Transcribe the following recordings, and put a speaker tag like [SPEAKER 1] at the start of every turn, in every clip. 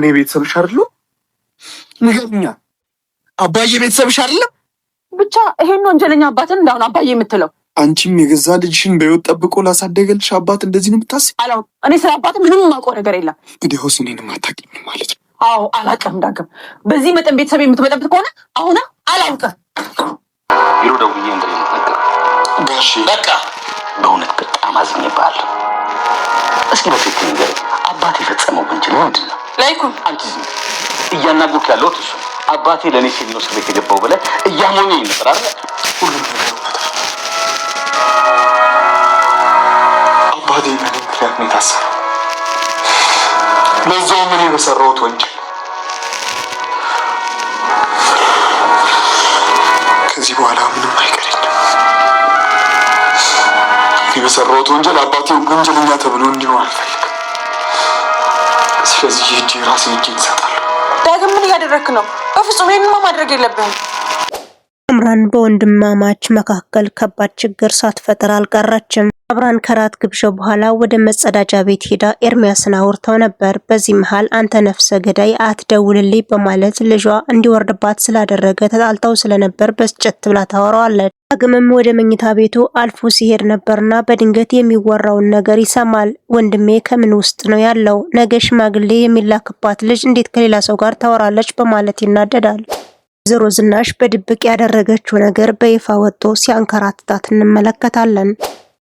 [SPEAKER 1] እኔ ቤተሰብሽ አይደለሁ? ንገሪኛል። አባዬ ቤተሰብሽ አይደለም?
[SPEAKER 2] ብቻ ይሄን ወንጀለኛ አባትን እንዳሁን አባዬ የምትለው
[SPEAKER 1] አንቺም የገዛ ልጅሽን በህይወት ጠብቆ ላሳደገልሽ አባት እንደዚህ ነው የምታስብ?
[SPEAKER 2] አላው እኔ ስለ አባት ምንም የማውቀው ነገር የለም።
[SPEAKER 1] እንግዲህ ሆስ እኔንም አታውቂም ማለት ነው?
[SPEAKER 2] አዎ አላውቅም። ዳግም በዚህ መጠን ቤተሰብ የምትመጠብት ከሆነ አሁን አላውቅም።
[SPEAKER 3] ቢሮ ደውዬ እንደምትነገር ጋሽ በቃ
[SPEAKER 4] በእውነት በጣም አዝኜብሃለሁ። እስኪ በፊት ንገረኝ፣ አባት የፈጸመው ወንጀል ምንድን ነው?
[SPEAKER 5] ላይኩን አንቺ ዝም እያናገርኩ ያለሁት እሱ አባቴ ለእኔ ሲል ነው እስር ቤት የገባው ብለህ እያሞኘኝ ነበር አለ።
[SPEAKER 1] ሁሉም አባቴ በእኔ ምክንያት ነው የታሰረው፣ ለዛውም እኔ በሰራሁት ወንጀል። ከዚህ በኋላ ምንም አይቀረኝም። እኔ ወንጀል አባቴ ወንጀለኛ ተብሎ እንዲኖር አልፈልግም። ስለዚህ ሂጄ ራሴ ሂጄ ይሰጣል።
[SPEAKER 2] ዳግም ምን እያደረክ ነው? በፍጹም ይህንማ ማድረግ የለብህም።
[SPEAKER 6] አምራን በወንድማማች መካከል ከባድ ችግር ሳትፈጥር አልቀረችም። አብራን ከራት ግብዣው በኋላ ወደ መጸዳጃ ቤት ሄዳ ኤርሚያስን አውርተው ነበር። በዚህ መሃል አንተ ነፍሰ ገዳይ አትደውልልኝ በማለት ልጇ እንዲወርድባት ስላደረገ ተጣልተው ስለነበር በስጨት ብላ ታወራዋለች። ዳግምም ወደ መኝታ ቤቱ አልፎ ሲሄድ ነበርና በድንገት የሚወራውን ነገር ይሰማል። ወንድሜ ከምን ውስጥ ነው ያለው? ነገ ሽማግሌ የሚላክባት ልጅ እንዴት ከሌላ ሰው ጋር ታወራለች? በማለት ይናደዳል። ወይዘሮ ዝናሽ በድብቅ ያደረገችው ነገር በይፋ ወጥቶ ሲያንከራትታት እንመለከታለን።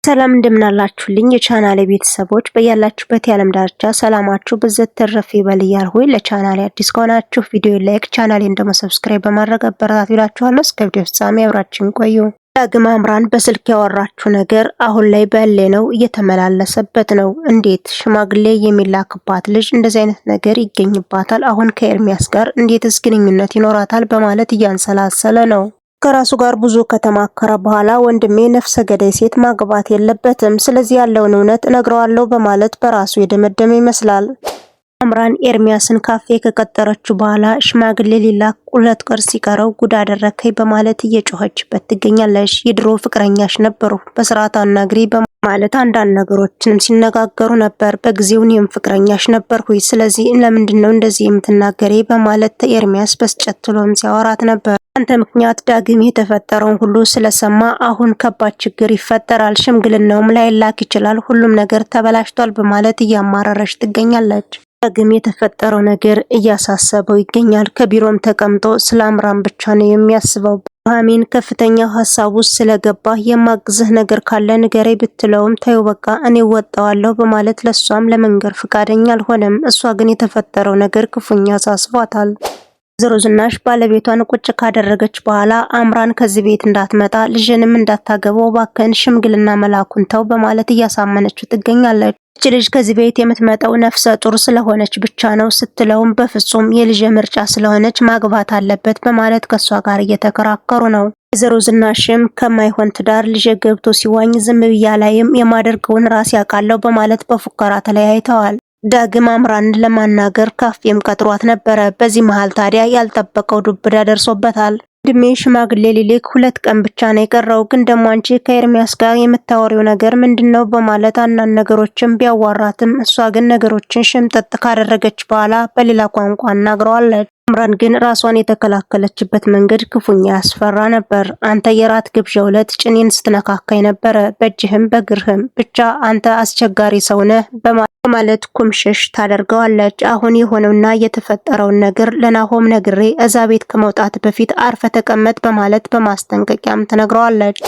[SPEAKER 6] ሰላም እንደምናላችሁልኝ የቻናሌ ቤተሰቦች በያላችሁበት የዓለም ዳርቻ ሰላማችሁ ብዘት ተረፍ ይበል እያልኩኝ ለቻናል አዲስ ከሆናችሁ ቪዲዮ ላይክ፣ ቻናሌን ደግሞ ሰብስክራይብ በማድረግ አበረታት ይላችኋለሁ። እስከ ቪዲዮ ፍጻሜ አብራችን ቆዩ። ዳግም አምራን በስልክ ያወራችሁ ነገር አሁን ላይ በሌ ነው እየተመላለሰበት ነው። እንዴት ሽማግሌ የሚላክባት ልጅ እንደዚህ አይነት ነገር ይገኝባታል? አሁን ከኤርሚያስ ጋር እንዴትስ ግንኙነት ይኖራታል? በማለት እያንሰላሰለ ነው። ከራሱ ጋር ብዙ ከተማከረ በኋላ ወንድሜ ነፍሰ ገዳይ ሴት ማግባት የለበትም፣ ስለዚህ ያለውን እውነት እነግረዋለሁ በማለት በራሱ የደመደመ ይመስላል። አምራን ኤርሚያስን ካፌ ከቀጠረችው በኋላ ሽማግሌ ሊላ ሁለት ቀን ሲቀረው ጉድ አደረከኝ በማለት እየጮኸችበት ትገኛለች። የድሮ ፍቅረኛሽ ነበሩ በስርዓት አናግሪ በማለት አንዳንድ ነገሮችንም ሲነጋገሩ ነበር። በጊዜው እኔም ፍቅረኛሽ ነበርኩኝ፣ ስለዚህ ለምንድን ነው እንደዚህ የምትናገሬ በማለት ኤርሚያስ በስጨት ብሎም ሲያወራት ነበር። አንተ ምክንያት ዳግም የተፈጠረውን ሁሉ ስለሰማ አሁን ከባድ ችግር ይፈጠራል። ሽምግልናውም ላይላክ ይችላል። ሁሉም ነገር ተበላሽቷል በማለት እያማረረች ትገኛለች። ዳግም የተፈጠረው ነገር እያሳሰበው ይገኛል። ከቢሮም ተቀምጦ ስለ አምራን ብቻ ነው የሚያስበው። ኑሐሚን ከፍተኛ ሀሳብ ውስጥ ስለገባ የማግዝህ ነገር ካለ ንገሬ ብትለውም ተይው በቃ እኔ ወጣዋለሁ በማለት ለሷም ለመንገር ፈቃደኛ አልሆነም። እሷ ግን የተፈጠረው ነገር ክፉኛ አሳስቧታል። ወይዘሮ ዝናሽ ባለቤቷን ቁጭ ካደረገች በኋላ አምራን ከዚህ ቤት እንዳትመጣ ልጅንም እንዳታገበው ባክን ሽምግልና መላኩን ተው በማለት እያሳመነችው ትገኛለች። እች ልጅ ከዚህ ቤት የምትመጣው ነፍሰ ጡር ስለሆነች ብቻ ነው ስትለውም በፍጹም የልጅ ምርጫ ስለሆነች ማግባት አለበት በማለት ከእሷ ጋር እየተከራከሩ ነው። ወይዘሮ ዝናሽም ከማይሆን ትዳር ልጅ ገብቶ ሲዋኝ ዝም ብያ ላይም የማደርገውን ራስ ያውቃለሁ በማለት በፉከራ ተለያይተዋል። ዳግም አምራንን ለማናገር ካፌም ቀጥሯት ነበረ። በዚህ መሃል ታዲያ ያልጠበቀው ዱብዳ ደርሶበታል። እድሜ ሽማግሌ ሊሊክ ሁለት ቀን ብቻ ነው የቀረው፣ ግን ደግሞ አንቺ ከኤርሚያስ ጋር የምታወሪው ነገር ምንድን ነው በማለት አናን ነገሮችን ቢያዋራትም እሷ ግን ነገሮችን ሽምጠጥ ካደረገች በኋላ በሌላ ቋንቋ እናግረዋለች። አምራን ግን ራሷን የተከላከለችበት መንገድ ክፉኛ ያስፈራ ነበር። አንተ የራት ግብዣ ዕለት ጭኔን ስትነካካኝ ነበረ፣ በእጅህም በግርህም ብቻ አንተ አስቸጋሪ ሰውነህ በማ በማለት ኩምሽሽ ታደርገዋለች። አሁን የሆነውና የተፈጠረውን ነገር ለናሆም ነግሬ እዛ ቤት ከመውጣት በፊት አርፈ ተቀመጥ በማለት በማስጠንቀቂያም ትነግረዋለች።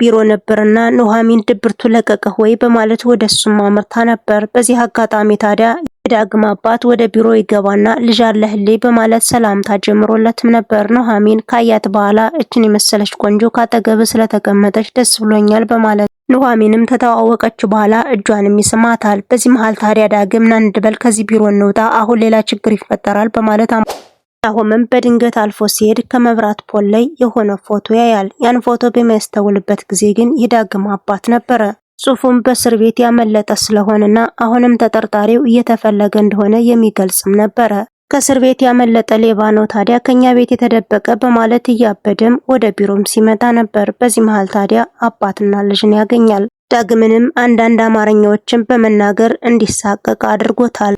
[SPEAKER 6] ቢሮ ነበርና ኑሐሚን ድብርቱ ለቀቀህ ወይ በማለት ወደ እሱም አምርታ ነበር። በዚህ አጋጣሚ ታዲያ የዳግም አባት ወደ ቢሮ ይገባና ልጅ አለህሌ በማለት ሰላምታ ጀምሮለትም ነበር። ኑሐሚን ካያት በኋላ እችን የመሰለች ቆንጆ ካጠገብ ስለተቀመጠች ደስ ብሎኛል በማለት ኑሐሚንም ከተዋወቀች በኋላ እጇንም ይስማታል። በዚህ መሃል ታዲያ ዳግም ና እንድበል ከዚህ ቢሮ እንውጣ፣ አሁን ሌላ ችግር ይፈጠራል በማለት ናሆምም በድንገት አልፎ ሲሄድ ከመብራት ፖል ላይ የሆነ ፎቶ ያያል። ያን ፎቶ በሚያስተውልበት ጊዜ ግን የዳግም አባት ነበረ። ጽሁፉም በእስር ቤት ያመለጠ ስለሆነና አሁንም ተጠርጣሪው እየተፈለገ እንደሆነ የሚገልጽም ነበረ። ከእስር ቤት ያመለጠ ሌባ ነው ታዲያ ከኛ ቤት የተደበቀ በማለት እያበደም ወደ ቢሮም ሲመጣ ነበር። በዚህ መሃል ታዲያ አባትና ልጅን ያገኛል። ዳግምንም አንዳንድ አማርኛዎችን በመናገር እንዲሳቀቅ አድርጎታል።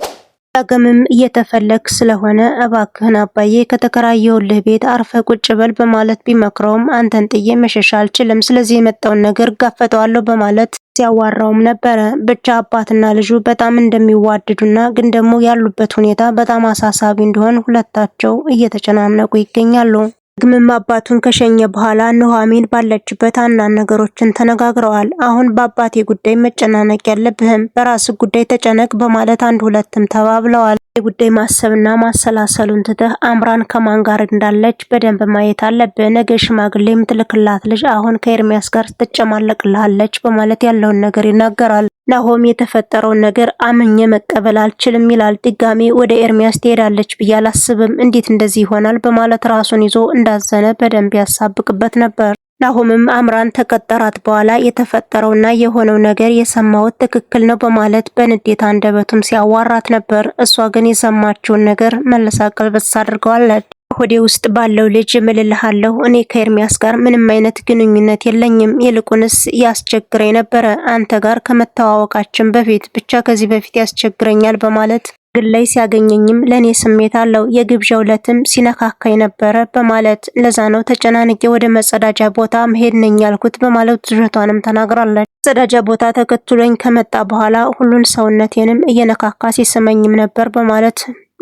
[SPEAKER 6] ዳግምም እየተፈለግ ስለሆነ እባክህን አባዬ ከተከራየሁልህ ቤት አርፈ ቁጭ በል በማለት ቢመክረውም አንተን ጥዬ መሸሻ አልችልም፣ ስለዚህ የመጣውን ነገር ጋፈጠዋለሁ በማለት ሲያዋራውም ነበረ። ብቻ አባትና ልጁ በጣም እንደሚዋደዱና ግን ደግሞ ያሉበት ሁኔታ በጣም አሳሳቢ እንደሆን ሁለታቸው እየተጨናነቁ ይገኛሉ። ዳግምም አባቱን ከሸኘ በኋላ ኑኃሚን ባለችበት ሐናን ነገሮችን ተነጋግረዋል። አሁን በአባቴ ጉዳይ መጨናነቅ የለብህም፣ በራስ ጉዳይ ተጨነቅ በማለት አንድ ሁለትም ተባብለዋል። ጉዳይ ማሰብና ማሰላሰሉን ትተህ አምራን ከማን ጋር እንዳለች በደንብ ማየት አለብህ። ነገ ሽማግሌ የምትልክላት ልጅ አሁን ከኤርሚያስ ጋር ትጨማለቅልሃለች በማለት ያለውን ነገር ይናገራል። ናሆም የተፈጠረውን ነገር አምኜ መቀበል አልችልም ይላል። ድጋሜ ወደ ኤርሚያስ ትሄዳለች ብዬ አላስብም፣ እንዴት እንደዚህ ይሆናል በማለት ራሱን ይዞ እንዳዘነ በደንብ ያሳብቅበት ነበር። ናሆምም አምራን ተቀጠራት በኋላ የተፈጠረውና የሆነው ነገር የሰማሁት ትክክል ነው በማለት በንዴት አንደበቱም ሲያዋራት ነበር። እሷ ግን የሰማችውን ነገር መልሳ ቀልበስ አድርገዋለች። ሆዴ ውስጥ ባለው ልጅ እምልልሃለሁ እኔ ከኤርሚያስ ጋር ምንም አይነት ግንኙነት የለኝም። ይልቁንስ ያስቸግረኝ ነበረ አንተ ጋር ከመተዋወቃችን በፊት ብቻ ከዚህ በፊት ያስቸግረኛል በማለት ግን ላይ ሲያገኘኝም ለእኔ ስሜት አለው የግብዣው ዕለትም ሲነካካኝ ነበረ በማለት ለዛ ነው ተጨናንቄ ወደ መጸዳጃ ቦታ መሄድ ነኝ ያልኩት በማለት ውሸቷንም ተናግራለች። መጸዳጃ ቦታ ተከትሎኝ ከመጣ በኋላ ሁሉን ሰውነቴንም እየነካካ ሲስመኝም ነበር በማለት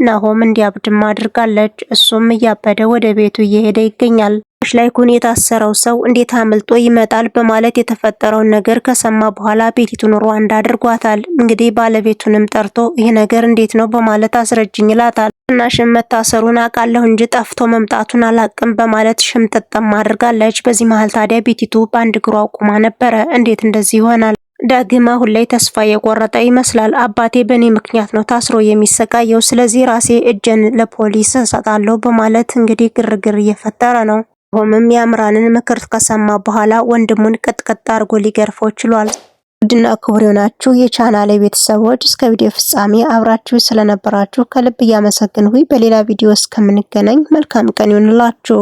[SPEAKER 6] ናሆም እንዲያብድም አድርጋለች። እሱም እያበደ ወደ ቤቱ እየሄደ ይገኛል። ላይኩን የታሰረው ሰው እንዴት አምልጦ ይመጣል በማለት የተፈጠረውን ነገር ከሰማ በኋላ ቤቲቱን ሩዋንዳ አድርጓታል። እንግዲህ ባለቤቱንም ጠርቶ ይሄ ነገር እንዴት ነው በማለት አስረጅኝ ይላታል። ሽም መታሰሩን አውቃለሁ እንጂ ጠፍቶ መምጣቱን አላቅም በማለት ሽምጥጥም አድርጋለች። በዚህ መሀል ታዲያ ቤቲቱ በአንድ እግሯ ቁማ ነበረ። እንዴት እንደዚህ ይሆናል? ዳግም አሁን ላይ ተስፋ የቆረጠ ይመስላል። አባቴ በእኔ ምክንያት ነው ታስሮ የሚሰቃየው፣ ስለዚህ ራሴ እጄን ለፖሊስ እሰጣለሁ በማለት እንግዲህ ግርግር እየፈጠረ ነው። ሆምም የአምራንን ምክር ከሰማ በኋላ ወንድሙን ቀጥቀጥ አድርጎ ሊገርፈው ችሏል። ውድና ክቡር የሆናችሁ የቻናሌ ቤተሰቦች እስከ ቪዲዮ ፍጻሜ አብራችሁ ስለነበራችሁ ከልብ እያመሰግንሁ በሌላ ቪዲዮ እስከምንገናኝ መልካም ቀን ይሁንላችሁ።